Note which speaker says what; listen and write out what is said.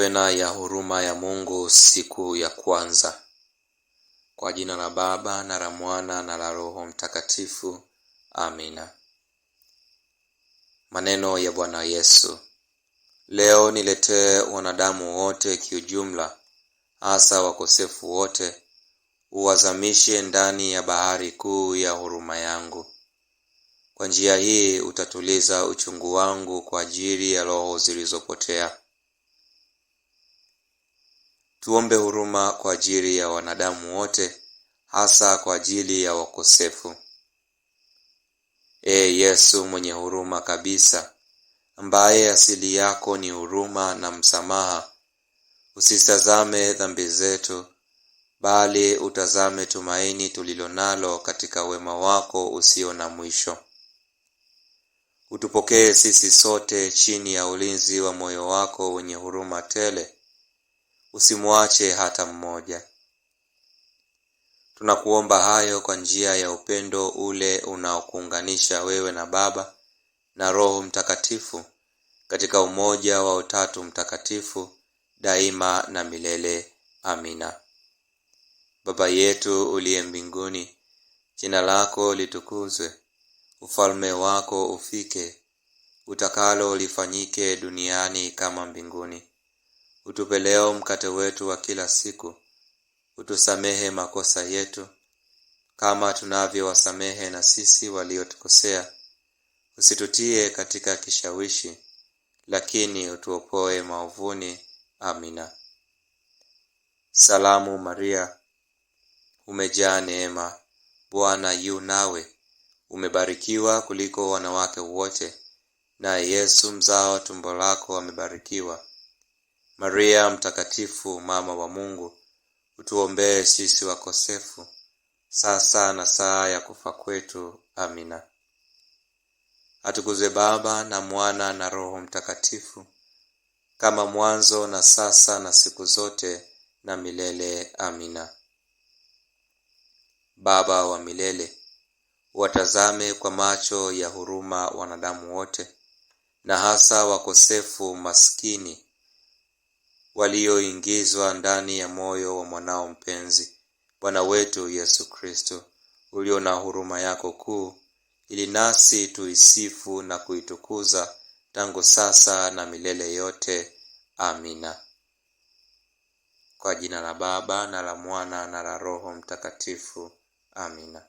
Speaker 1: Novena ya Huruma ya Mungu, siku ya kwanza. Kwa jina la Baba na la Mwana na la Roho Mtakatifu, amina. Maneno ya Bwana Yesu. Leo niletee wanadamu wote kiujumla, hasa wakosefu wote, uwazamishe ndani ya bahari kuu ya huruma yangu. Kwa njia hii utatuliza uchungu wangu kwa ajili ya roho zilizopotea Tuombe huruma kwa ajili ya wanadamu wote, hasa kwa ajili ya wakosefu. Ee Yesu mwenye huruma kabisa, ambaye asili yako ni huruma na msamaha, usitazame dhambi zetu, bali utazame tumaini tulilonalo katika wema wako usio na mwisho. Utupokee sisi sote chini ya ulinzi wa moyo wako wenye huruma tele usimwache hata mmoja. Tunakuomba hayo kwa njia ya upendo ule unaokuunganisha wewe na Baba na Roho Mtakatifu katika umoja wa Utatu Mtakatifu daima na milele. Amina. Baba yetu uliye mbinguni, jina lako litukuzwe, ufalme wako ufike, utakalo lifanyike duniani kama mbinguni. Utupe leo mkate wetu wa kila siku. Utusamehe makosa yetu kama tunavyowasamehe na sisi waliotukosea, usitutie katika kishawishi, lakini utuopoe maovuni. Amina. Salamu Maria, umejaa neema, Bwana yu nawe, umebarikiwa kuliko wanawake wote, na Yesu mzao tumbo lako amebarikiwa. Maria Mtakatifu, mama wa Mungu, utuombee sisi wakosefu, sasa na saa ya kufa kwetu. Amina. Atukuzwe Baba na Mwana na Roho Mtakatifu, kama mwanzo na sasa na siku zote na milele. Amina. Baba wa milele, watazame kwa macho ya huruma wanadamu wote, na hasa wakosefu maskini walioingizwa ndani ya moyo wa mwanao mpenzi Bwana wetu Yesu Kristo, ulio na huruma yako kuu, ili nasi tuisifu na kuitukuza tangu sasa na milele yote. Amina. Kwa jina la Baba na la Mwana na la Roho Mtakatifu. Amina.